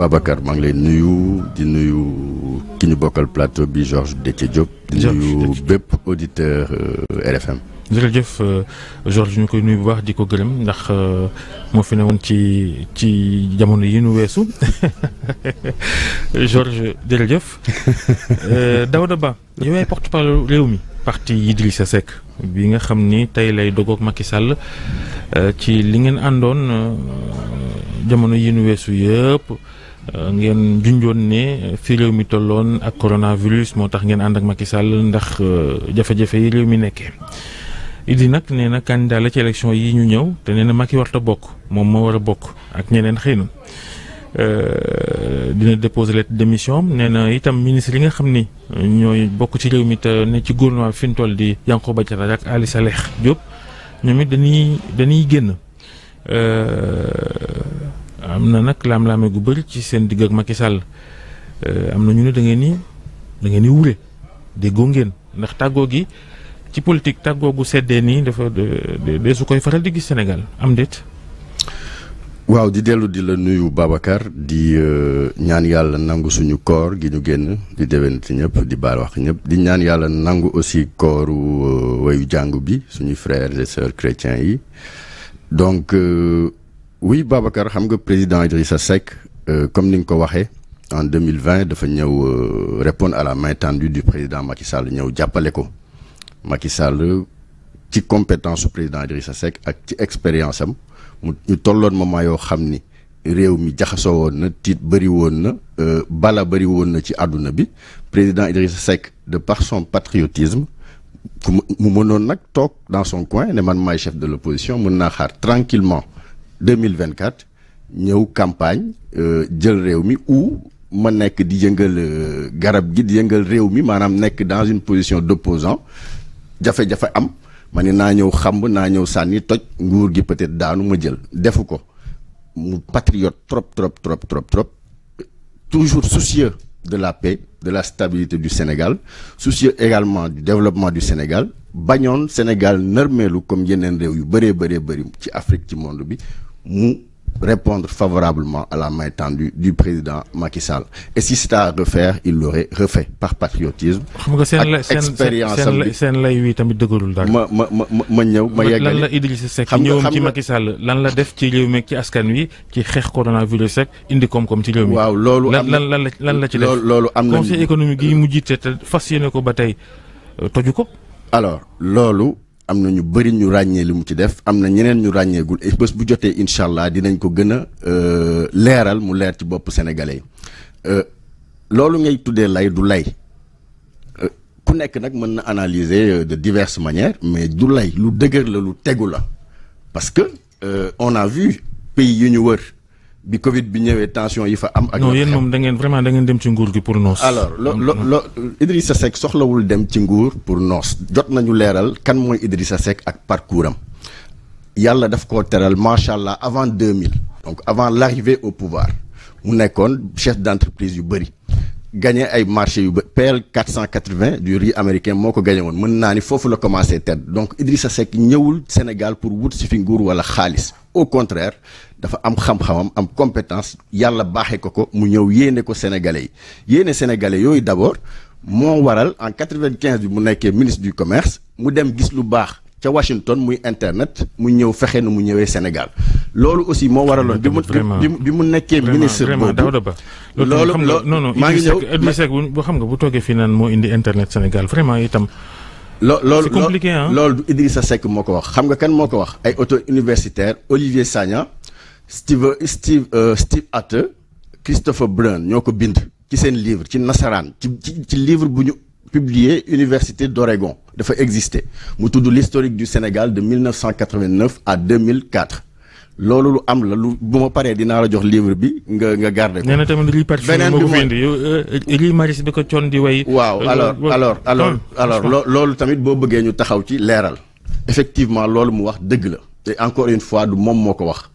Babacar maa ngi lay nuyu di nuyu ki ñu bokkal plateau bi de Déthié Diop. di nuyu bépp auditeur euh, RFM. jërëjëf euh, Georges ñu koy nuyu bu baax di ko gërëm ndax euh, moo fi ne woon ci ci jamono yi nu weesu Georges jërëjëf Daouda Ba yow yaay porte-parole réew mi. parti Idrissa Seck bi nga xam ni tey lay dogoog Macky Sall ci li ngeen àndoon jamono yi nu weesu yëpp. ngeen junjoon ne fi réew mi tolloon ak coronavirus moo tax ngeen ànd ak Macky Sall ndax euh, jafe-jafe yi réew mi nekkee Idi nag nee na candidat la ci élection yi ñu ñëw te nee na Macky warta bokk moom moo war a bokk ak ñeneen xëy na euh, dina déposer lettre de démission nee na itam ministre yi nga xam ni ñooy bokk ci réew mi te ne ci gouvernement fi ñu toll di Yankhoba Diattara ak Ali Saleh Diop ñoom it dañuy dañuy génn. Euh, am na nag laam-laame gu bëri ci seen digg ak Macky Sall euh, am na ñu ne da ngeen ni da ngeen ni wure déggoo ngeen ndax tàggoo gi ci politique tàggoo gu seddee nii dafa de su koy faral di gis senegal am déet. waaw di dellu di la nuyu Babacar di euh, ñaan yàlla nangu suñu koor gi ñu génn di déwénati ñëpp di baal wax ñëpp di ñaan yàlla nangu aussi kooru euh, wayu jàngu bi suñu frères et sœurs yi oui Babacar xam nga président Idrissa Seck euh, comme ni nga ko waxee en 2020 dafa ñëw euh, répondre à la main tendue du président Macky Sall ñëw jàppale ko Macky Sall ci compétence su président Idrissa Seck ak ci expérience am mu ñu tolloon moment yoo xam ni réew mi jaxasoo woon na tiit bëri woon na euh, bala bëri woon na ci àdduna bi président Idrissa Seck de par son patriotisme mu mënoon nag toog dans son coin ne man maay chef de l'opposition mën naa xaar tranquillement 2024 ñëw campagne euh, jël réew mi ou ma nekk di yëngal euh, garab gi di yëngal réew mi maanaam nekk dans une position d'opposant jafe-jafe am ma ne naa ñëw xamb naa ñëw sànni toj nguur gi peut-être daanu ma jël defu ko mu patriote trop trop trop trop trop toujours soucieux de la paix de la stabilité du Sénégal soucieux également du développement du Sénégal bañoon Sénégal nërmeelu comme yeneen réew yu bëree bëree bëri ci Afrique ci monde bi nous répondre favorablement à la main tendue du président Macky Sall et si c'était à refaire il l'aurait refait par patriotisme. ak expérience am bi seen lay wi tamit dëgërul daal. ma ma ma ma ñëw ma yeggali lan la Idrissa Seck ñëwam ci Macky Sall lan la def ci réew mi ci askan wi ci xeex coronavirus rek indi koom-koom ci réew mi. waaw loolu am lan lan la ci def loolu am na conseil économique gi mu jiite te fas yéene ko ba tey euh, toju ko. alors loolu. am na ñu bëri ñu ràññee li mu ci def am na ñeneen ñu ràññeegul et bés bu jotee incha allah dinañ ko gën a euh, leeral mu leer ci bopp sénégalais yi euh, loolu ngay tuddee lay du lay euh, ku nekk nag mën na analyser de diverses manières mais du lay lu dëgër la lu tegu la parce que on a vu pays yu ñu wër. bi Covid bi ñëwee tension yi fa am. ak non yéen moom da ngeen vraiment da ngeen dem ci nguur gi pour noos. alors lo lo lo sa Seck soxlawul dem ci nguur pour noos jot nañu leeral kan mooy sa Seck ak parcours yàlla daf ko teral macha allah avant deux 2000. donc avant l'arrivée au pouvoir mu nekkoon chef d'entreprise yu bëri. gagné ay marché yu ba PL vingt du riz américain moo ko gagné woon mën naa ni foofu la commencé tedd donc Idrissa Seck ñëwul Sénégal pour wut si fi nguur wala xaalis au contraire dafa am xam-xamam am compétence yàlla baaxee ko ko mu ñëw yéene ko sénégalais yi yéene sénégalais yooyu d'abord moo waral en quinze bi mu nekkee ministre du commerce mu dem gis lu baax ca Washington muy internet mu ñëw fexe nu mu ñëwee Sénégal loolu aussi moo waraloon. bi mu bi mu nekkee ministre boobu loolu loolu maa ngi ñëw Idriss Seck xam nga bu toogee fii naan moo indi internet Sénégal vraiment itam. loo loolu c'est compliqué ah loolu Idrissa Seck moo ko wax xam nga kan moo ko wax ay auto universitaire Olivier Sagna Steve Steve euh, Steve Atte Christopher Brun ñoo ko bind ci seen livre ci nasaraan ci ci livre bu ñu. publier Université d'Oregon dafa exister mu tudd l'historique du Sénégal de 1989 à 2004 loolu lu am la lu bu ma paree dinaa la jox livre bi nga nga garder ko. nee na tamit euh, lii parti beneen bi mooy ko coon di way. waaw euh, alors alors alors alors loolu tamit boo bëggee ñu taxaw ci leeral. effectivement loolu mu wax dëgg la te encore une fois du moom moo ko wax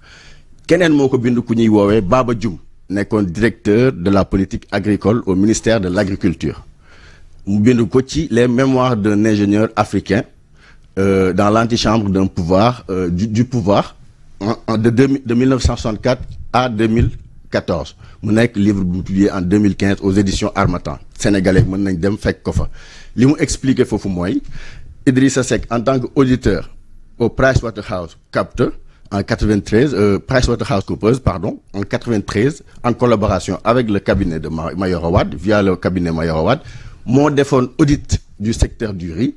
keneen moo ko bind ku ñuy woowee baaba Dioum nekkoon directeur de la politique agricole au ministère de l'agriculture. mu bind ko ci les mémoires d'un ingénieur africain euh, dans l'antichambre d'un pouvoir euh, du, du pouvoir en, en de, de 1964 à 2014 mu nekk livre bu publié en 2015 aux éditions Harmattan sénégalais mën nañ dem fekk ko fa li mu expliqué foofu mooy Idrissa Seck en tant que auditeur au Pricewaterhouse euh, Coopers en 93 euh, PricewaterhouseCoopers pardon en 93 en collaboration avec le cabinet de Mayoro Wade via le cabinet Mayoro Wade moo defoon audit du secteur du riz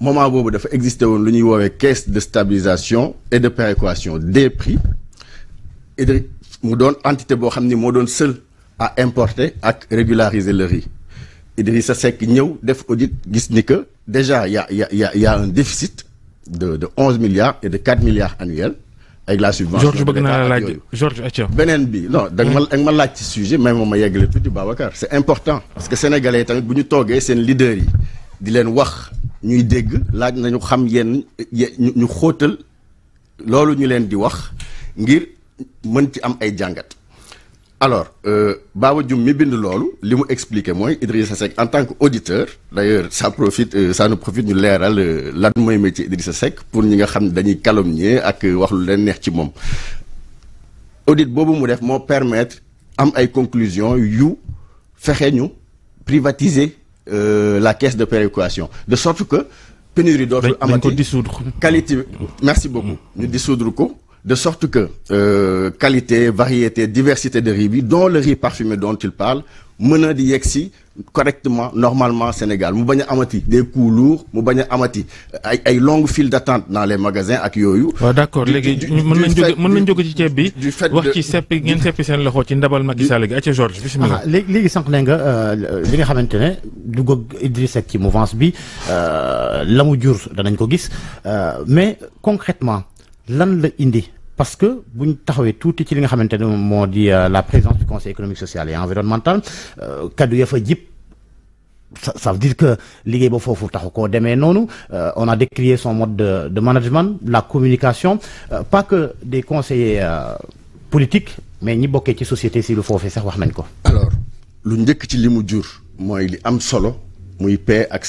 moment boobu dafa existé woon lu ñuy woowee caisse de stabilisation et de péréquation des prix mu doon entité boo xam ni moo doon seul à importer ak régulariser le riz sa Seck ñëw def audit gis ni que déjà y a y yaa y un déficit de de onze milliards et de quatre milliards annuels ak la subvention. George bëgg naa la laaj beneen bi non da ma hmm. da nga ma laaj ci sujet mais moom ma yeggale tuuti Babacar. c'est important parce que sénégalais tamit bu ñu toogee seen leaders yi di leen wax ñuy dégg laaj nañu xam yenn ñu xóotal loolu ñu leen di wax ngir mën ci am ay jàngat. alors euh, Baba Dioum mi bind loolu li mu expliqué mooy Idrissa Seck en tant que auditeur d' ailleurs ça profite euh, ça nous ñu leeral euh, lan mooy métier Idrissa Seck pour ñi nga xam ne dañuy calomnier ak wax lu leen neex ci moom audit boobu mu def moo permettre am ay conclusions yu fexe ñu privatiser la caisse de péréquation de sorte que pénurie dootul amati qualité merci beaucoup mm. ñu dissoudre ko de sorte que euh, qualité variété diversité de riz bi dont le riz parfumé dont il parle mën na di yegg si correctement normalement Sénégal mu bañ a amati des coûts lourds mu bañ a amati ay ay longues files d'attente dans les magasins ak yooyu. waaw d'accord léegi mën nañ jóge mën nañ jóge ci ceeb bi. wax ci seppi ngeen seppi seen loxo ci ndabal Macky Sall gi acca Georges bismillah. léegi léegi sànq ne nga euh, li nga xamante ne du ak Idriss Seck ci mouvance bi euh, la mu jur danañ ko gis euh, mais concrètement lan la indi. parce que bu ñu taxawee tuuti ci li nga xamante ne moo di euh, la présence du conseil économique social et environnemental euh, kaddu yafa fa jib ça veut dire que liggéey ba foofu taxu koo demee noonu euh, on a décrié son mode de de management la communication pas que des conseillers politiques mais ñi bokkee ci société civile foofu sax wax nañ ko. alors lu njëkk ci li mu jur mooy li am solo muy paix ak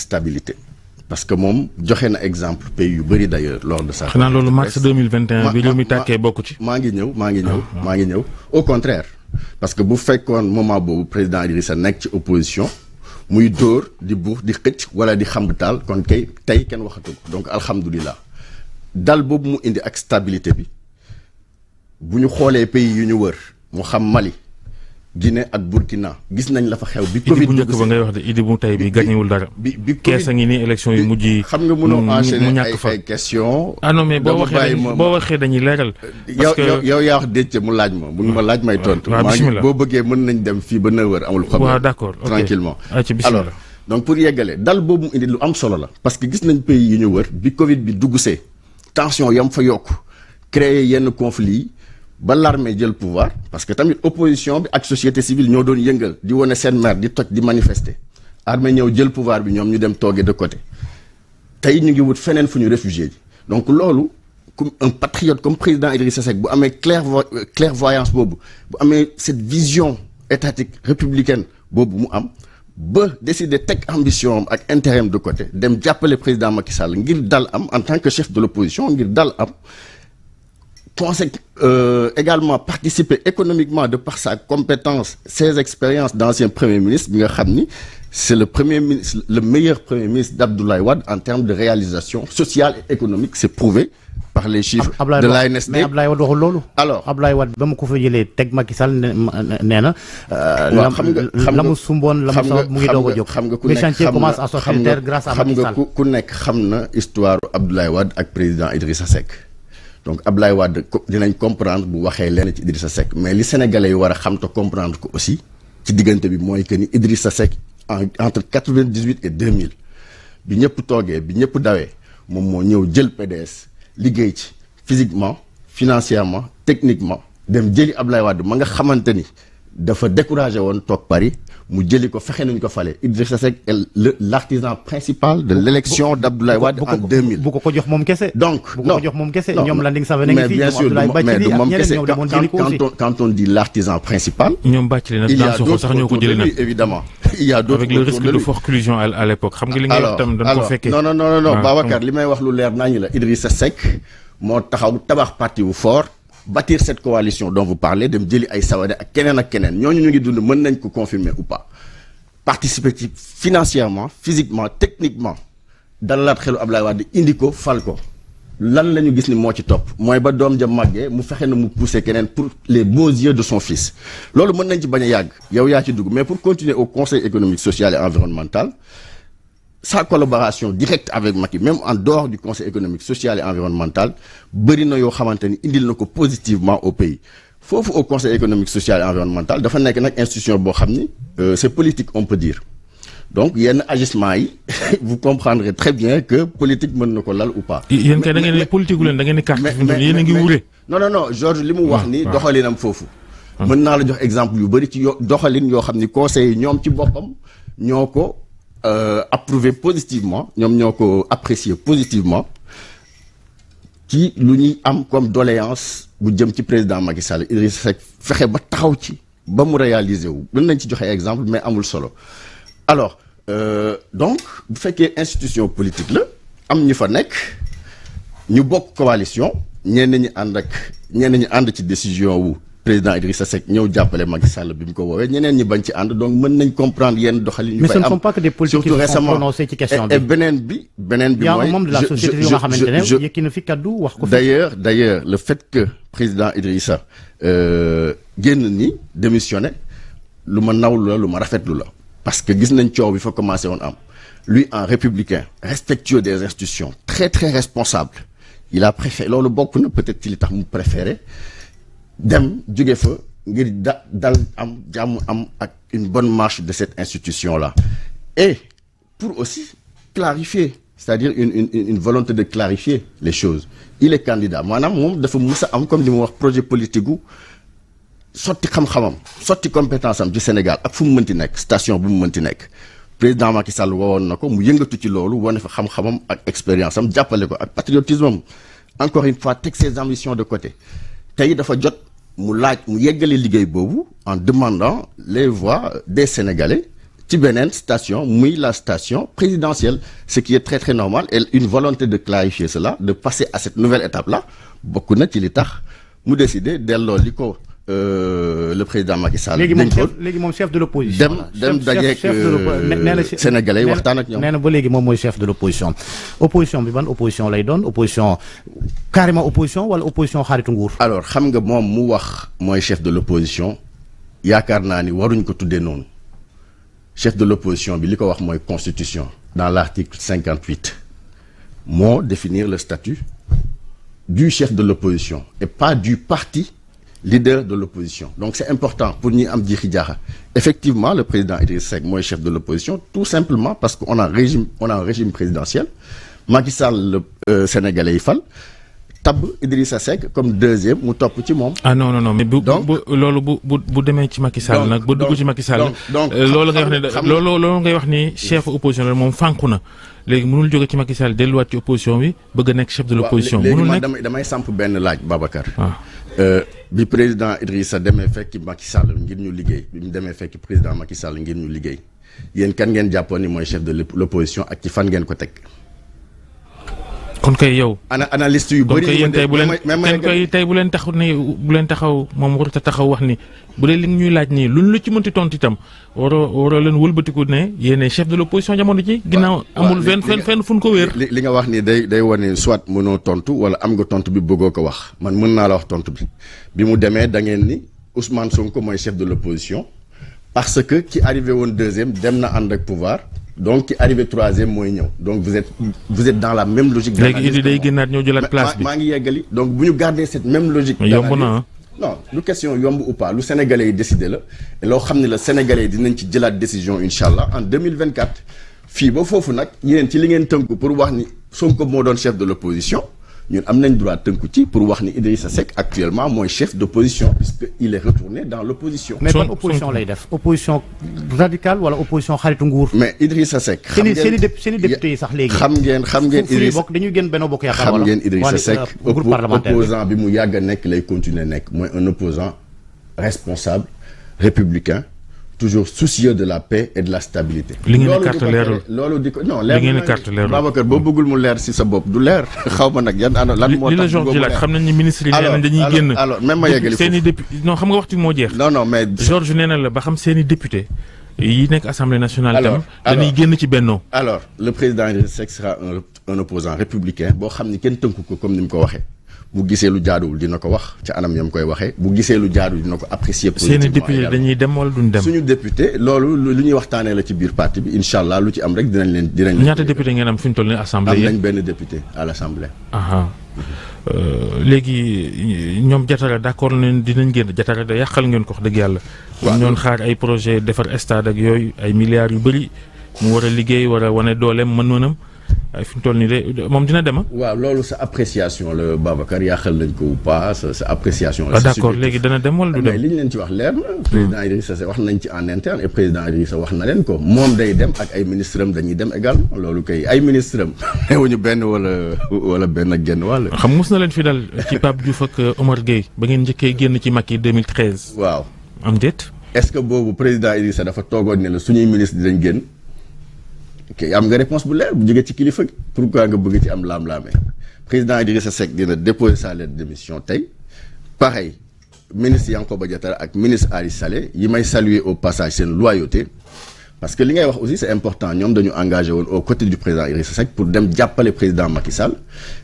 parce que moom joxe na exemple pays yu bëri d'ailleurs lors de ça. xanaa loolu mars 2021 bi réew mi tàkkee bokk ci. maa ngi ñëw maa ngi ñëw ah, ah. maa ngi ñëw au contraire parce que bu fekkoon moment boobu président Idrissa nekk ci opposition muy dóor di buux di xëcc wala di xam taal kon kay tey kenn waxatu ko donc alhamdulilah dal boobu mu indi ak stabilité bi bu ñu xoolee pays yu ñu wër mu xam Mali. Guinée ak Burkina gis nañ la fa xew. bi Covid bu njëkk ba ngay wax de Idi bu tey bi gañewul dara. bi bi ngi nii élection yi. xam nga mënoo enchaîner ay ay questions. ah non mais boo waxee waxee dañuy leeral. parce yow yaa mu laaj ma buñ ma laaj may tontu. waaw bisimilah boo bëggee mën nañ dem fii ba 9h amul. problème waaw d' accord ok tranquillement ah, alors donc pour yeggale solo la. parce que gis nañ pays yi ñu wër bi Covid bi dugg see tension yam fa yokk créer yenn conflits ba l'armée jël pouvoir parce que tamit opposition bi ak société civile ñoo doon yëngal di wane seen mer di toj di manifester armée ñëw jël pouvoir bi ñoom ñu dem tooge de côté tey ñu ngi wut feneen fu ñu réfugié ji donc loolu comme un patriote comme président Idrissa Seck bu amee clairvo clairvoyance boobu bu amee cette vision étatique républicaine boobu mu am ba décider teg ambition am ak intérêt de côté dem jàppale président Macky Sall ngir dal am en tant que chef de l'opposition ngir dal am PROSEC euh, également participer économiquement de par sa compétence ses expériences d'ancien premier ministre bi nga xam ni c'est le premier ministre le meilleur premier ministre d'Abdoulaye Wade en termes de réalisation sociale et économique c'est prouvé par les chiffres Ablaï de l'ANSD mais Abdoulaye Wade waxul loolu alors Abdoulaye Wade ba ma ko fa jëlee teg Macky Sall nee na euh, la mu sumboon la mu mu ngi doog a jóg xam nga ku chantier commence à sortir grâce à Macky Sall xam nga ku nekk xam na histoire Abdoulaye Wade ak président Idrissa Seck donc Ablaye Wade dinañ comprendre bu waxee leen ci sa Seck mais li sénégalais yi war a xam te comprendre ko aussi ci diggante bi mooy que ni Idrissa Seck en entre quatre vingt dix huit et deux mille bi ñëpp toogee bi ñëpp dawee moom moo ñëw jël PDS liggéey ci physiquement financièrement techniquement dem jëli Ablaye Wade ma nga xamante ni. dafa découragé woon toog Paris mu jëli ko fexe nañu ko fale Idrissa Seck l' artisan principal de l' élection d' Abdoulaye Wade en 2000. bu ko ko jox moom kese. donc non bu ko jox moom kese ñoom Landing Savané ngi fi ñoom Abdoulaye Bathily ak ñeneen ñoo demoon jëli ko aussi. quand on dit l' principal. ñoom Bathily nag dans son sax ñoo ko jëli nag a avec le risque de forte collusion à l' xam nga li nga wax tam dañ ko fekkee. non non non non ah, li may wax lu leer naa ñu la Idrissa Seck moo taxaw tabax parti bu fort bâtir cette coalition dont vous parlez dem jëli ay Sawade ak keneen ak keneen ñooñu ñu ngi dund mën nañ ko confirmer ou pas participer ci financièrement fisiquement techniquement dalalaat xelu Ablaye Wade indi ko fal ko lan la ñu gis ni moo ci topp mooy ba doom ja màggee mu fexe na mu pousser keneen pour les beaux yeux de son fils loolu mën nañ ci bañ a yàgg yow yaa ci dugg mais pour continuer au conseil économique social et environnemental sa collaboration directe avec Macky même en dehors du conseil économique social et environnemental bëri na yoo xamante ni indil na ko positivement au pays foofu au conseil économique social et environnemental dafa nekk nag institution boo xam ni euh, c'est politique on peut dire donc yenn agissement yi vous comprendrez très bien que politique mën na ko lal ou pas. yéen kay da ngeen ne politique leen da ngeen ne carte yéen a ngi wure. non non non Georges li mu wax ah, ni ah. doxalinam ah. naa la jox exemple yu bëri ci yo doxalin yoo xam ni conseil ñoom ci boppam ñoo ko. Euh, approuvé positivement ñoom ñoo ko apprécier positivement ci lu ñuy am comme doléance bu jëm ci président Macky Sall Idrissa Seck fexe ba taxaw ci ba mu réaliser wu mën nañ ci joxe exemple mais amul solo alors euh, donc bu fekkee institution politique la am ñu fa nekk ñu bokk coalition ñenn ñi ànd ak ñenn ñi ànd ci décision wu président Idrissa Seck ñëw jàppale Macky Sall bi mu ko woowee ñeneen ñi bañ ci ànd donc mën nañ comprendre yenn doxalin yu fay am surtout récemment et beneen bi beneen bi mooy d'ailleurs d'ailleurs le fait que président Idrissa euh, génn ni démissionné lu ma nawlu la lu ma rafetlu la parce que gis nañ coow bi fa commencé woon am lui en républicain respectueux des institutions très très responsable il a préféré loolu bokk na peut-être ci li tax mu préféré dem jóge fa ngir da dal am jàmm am ak une bonne marche de cette institution la et pour aussi clarifier c'est-à-dire une une une volonté de clarifier les choses il est candidat maanaam moom dafa mus a am comme li mu wax projet politique gu sotti xam-xamam sotti compétence am ci Sénégal ak fu mu mënti nekk station bu mu mënti nekk président Macky Sall wowoon na ko mu yëngatu ci loolu wane fa xam-xamam ak expérience am jàppale ko ak patriotisme am encore une fois teg ses de côté. tey dafa jot mu laaj mu yeggale liggéey boobu en demandant les voix des Sénégalais ci beneen station muy la station présidentielle ce qui est très très normal et une volonté de clarifier cela de passer à cette nouvelle étape la bokk na ci li tax mu décider delloo li ko Euh, le président Macky Sall. dañ ko léegi moom chef de l'opposition dem dem dajeeg euh, sénégalais yi waxtaan ak ñoom. nee na ba léegi moom mooy chef de l'opposition opposition bi ban opposition lay doon opposition carrément opposition wala opposition xaaritu nguur. alors xam nga moom mu wax mooy chef de l'opposition yaakaar naa ni waruñ ko tuddee noonu chef de l'opposition bi li ko wax mooy constitution. dans l'article cinquante-huit moo définir le statut du chef de l'opposition et pas du parti. leader de l'opposition donc c'est important pour ñuy am jiixi jaaxa effectivement le président Idriss Seck mooy chef de l'opposition tout simplement parce que on a régime on a un régime présidentiel Macky Sall le euh, sénégalais yi fal tab Idrissa Seck comme deuxième mu topp ci moom. ah non non non mais bu bu loolu bu bu bu demee ci Macky Sall nag. bu dugg ci Macky Sall. donc euh, loolu nga wax ne loolu loolu ngay wax ni chef opposition la moom fànku na léegi mënul jóge ci Macky Sall delluwaat ci opposition bi bë a nekk chef de l'opposition. mënul nekk benn laaj Babacar. Ah. Euh, bi président Idrissa demee fekki Macky Sall ngir ñu liggéey bi mu demee fekki président Macky Sall ngir ñu liggéey yéen kan ngeen jàppoon ni mooy chef de l'opposition ak ci fan ngeen ko teg. kon koy yow. ana analyste yu bëri yu tey bu leen koy tey bu leen taxaw ni bu leen taxaw moom warut taxaw wax ni bu dee li ñuy laaj nii luñ la ci mënti tontu itam waroo waroo leen wëlbatiku ne yéen chef de l' opposition jamono ji ginnaaw amul fenn fenn fenn fu ñu ko wéer. li nga wax ni day day wane soit mënoo tontu wala am nga tontu bi bëggoo ko wax man mën naa la wax tontu bi bi mu demee da ngeen ni Ousmane Sonko mooy chef de l' opposition parce que ki arrivé woon deuxième dem na ànd ak pouvoir. donc ki arrivé troisième mooy ñëw donc vous êtes dans la même logique. léegi Idy day génnaat ñëw jëlaat place bi maa ngi yeggali donc bu ñu garder cette même logique. yomb na non lu question yomb ou pas lu sénégalais yi décidé la loo xam ne la sénégalais yi dinañ ci jëlaat décision incha allah en 2024 fii ba foofu nag yéen ci li ngeen tënku pour wax ni Sonko moo doon chef de l'opposition ñun am nañ droit tënku ci pour wax ni a Seck actuellement mooy chef d' opposition puisque il est retourné dans l' opposition. mais ban opposition lay def opposition radicale wala opposition xaritu nguur. mais Idrissa Seck. xam i seen i député sax xam ngeen xam ngeen Idrissa bokk dañuy gën benn bokk yaakaar wala xam euh, opposant bi mu yàgg a nekk lay continuer nekk mooy un opposant responsable républicain. toujours soucieux de la paix et de la stabilité. li ngeen carte leerul loolu di ko non leer ngeen carte leerul boo bëggul mu leer si sa bopp du leer xaw ma nag yan ana lan moo li la jox laaj xam nañ ministre yi dañuy génn alors député non xam nga waxtu moo jeex non non mais Georges nee na la ba xam seen i député yi nekk assemblée nationale tam dañuy génn ci bennoo alors le président Idrissa Seck sera un opposant républicain boo xam ni kenn tënku ko comme ni mu ko waxee bu gisee lu jaaduwul dina ko wax ci anam yam koy waxee bu gisee lu jaaduwul dina ko apprécier. politiquement seen député dañuy dem wala duñ dem. suñu député loolu lu ñuy waxtaanee la ci biir parti bi incha allah lu ci am rek dinañ leen. dinañ leen ñaata député ngeen am fi ñu toll nii assemblée. am nañ benn député à l' assemblée. Euh, léegi ñoom jatara d' accord nañ dinañ génn jatara da yàqal ngeen ko wax dëgg yàlla. waaw ñoon xaar ay projet defar stade ak yooyu ay milliards yu bëri mu war a liggéey war a wane dooleem mën-mënam waaye fi mu toll nii de moom dina dem ah? waaw loolu sa appréciation la Babacar yaaxal nañ ko ou pas sa appréciation. la ah, d'accord léegi dana dem li ñu leen ci wax leer na. Hmm. wax nañ ci en interne et président Idrissa wax na leen ko moom day dem ak ay ministres am dañuy dem également loolu kay ay ministres am newuñu benn wala wala benn ak genn xam mos na leen fi dal ci Pape Diouf ak euh, Omar Gueye ba ngeen njëkkee génn ci Macky 2013. waaw am déet. est-ce que boobu président Idrissa dafa toogoon ne la suñuy ministre dinañ génn. ok am nga réponse bu leer bu jógee ci kilifa gi pourquoi nga bëgg ci am laam-laamee président Idrissa Seck dina déposer sa lettre de démission tey pareil ministre ba Diattara ak ministre Ali Saleh yi may saluer au passage seen loyauté parce que li ngay wax aussi c'est important ñoom dañu engagé woon aux côtés du président Idrissa Seck pour dem jàppale président Macky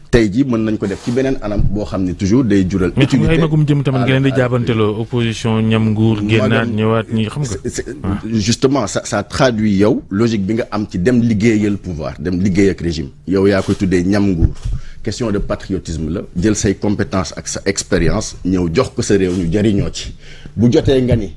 tey jii mën nañ ko def ci beneen anam boo xam ne toujours day jural. utilité mais ay magum jëm tamit ngeen di jaabanteloo opposition ñam nguur. génnaat ñëwaat ñi xam nga. Ah. justement ça ça yow logique bi nga am ci dem liggéeyal pouvoir dem liggéey ak régime. yow yaa koy tuddee ñam nguur question de patriotisme la jël say compétence ak sa expérience ñëw jox ko sa réew ñu jariñoo ci bu jotee nga ni.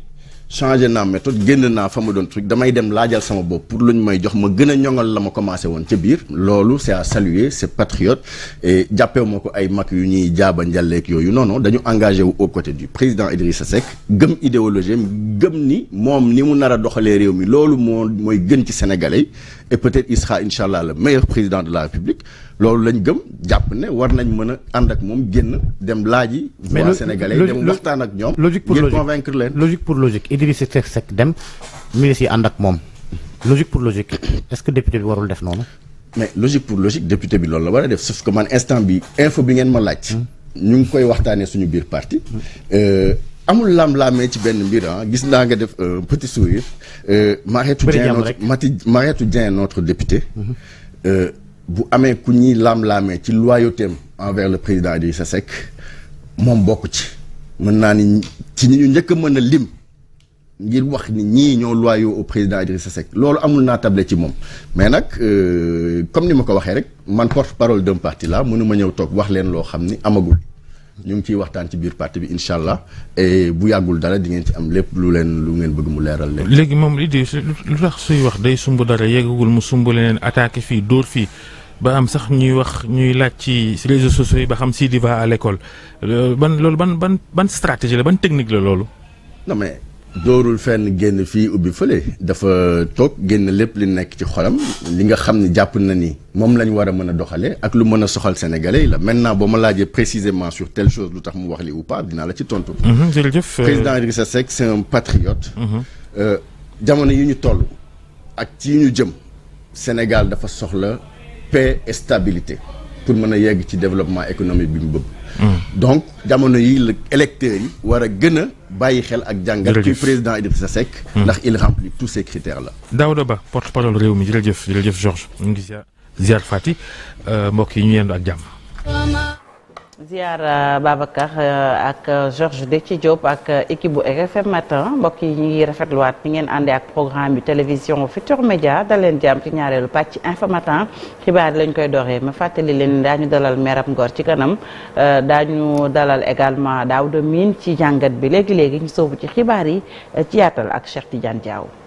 changé na méthode génn naa fa ma doon truc damay dem laajal sama bopp pour lu ñu may jox ma gën a ñoŋal la ma commencé woon ca biir loolu c'est à saluer c'est patriote et jàppee moo ko ay mag yu ñuy jaaba njàlleek yooyu noonu dañu engagé wu aux côtés du président sa Seck gëm idéologie gëm ni moom ni mu nar a doxalee réew mi loolu moo mooy gën ci sénégalais et peut-être il sera incha allah le meilleur président de la République loolu lañ gëm jàpp ne war nañ mën a ànd ak moom génn dem laaj yi voix sénégalais yi dem waxtaan ak ñoom logique pour logique convaincre leen logique pour logique Idrissa Seck dem ministre yi ànd ak moom logique pour logique est-ce que député bi warul def noonu mais logique pour logique député bi loolu la war a def sauf que man instant bi info bi ngeen ma laaj hmm. ñu ngi koy waxtaanee suñu biir parti euh, amul lam-laamee ci benn mbir ah, gis naa nga def euh, petit sourire euh, Marietou Dieng notre Marietou Dieng notre député hmm. bu amee ku ñuy laam-laamee ci loyauté envers le président Idrissa Seck moom bokk ci mën naa ni ci ñi ñu njëkk mën a lim ngir wax ni ñii ñoo loyaux au président Idrissa Seck loolu amul naa table ci moom mais nag euh, comme ni ma ko waxee rek man porte parole dem parti la mënuma ñëw toog wax leen loo xam ni amagul ñu ngi ciy waxtaan ci biir parti bi incha allah bu yàggul dara di ngeen ci am lépp lu leen lu ngeen bëgg mu leeral leen. léegi moom li di lu tax suy wax day sumb dara yeggagul mu sumb leneen attaqué fii dóor fii. ba am sax ñuy wax ñuy laaj ci réseaux sociaux yi ba xam Sidi va à l'école euh, ban loolu ban ban ban stratégie la ban technique la loolu. non mais doorul fenn génn fii ubbi fële dafa toog génn lépp lu nekk ci xolam li nga xam ni jàpp na ni moom lañu war a mën a doxalee ak lu mën a soxal sénégalais yi la maintenant boo ma laajee précisément sur telle chose lu tax mu wax li ou pas dinaa la ci tontu. Mhm, jërëjëf euh, président Idrissa Seck c'est mhm. euh, jamono yi ñu toll ci ñu jëm Sénégal dafa soxla. paix et stabilité pour mën a yegg ci développement économique bi mu bëgg. donc jamono yi la électeurs yi war a gën a bàyyi xel ak jàngat ci président sa Seck hmm. ndax il remplit tous ces critères là Daouda Ba porte parole réew mi jërëjëf jërëjëf Georges ñu ngi ziar Fati euh, mbokk yi ñu yendu ak jàmm ziyaara euh, Babacar euh, ak euh, de ci Diop ak équipe bu RFM mbokk yi ñu ngi rafetluwaat ni ngeen àndee ak programme bi télévision Futur Média dal leen jàmm ci ñaareelu pàcc info matin xibaar lañ koy doxee ma fàttali leen daañu dalal meram ngor ci kanam daañu dalal également daaw de miin ci jàngat bi léegi léegi ñu soobu ci xibaar yi ci yaatal ak Cheikh Tidiane Diaw.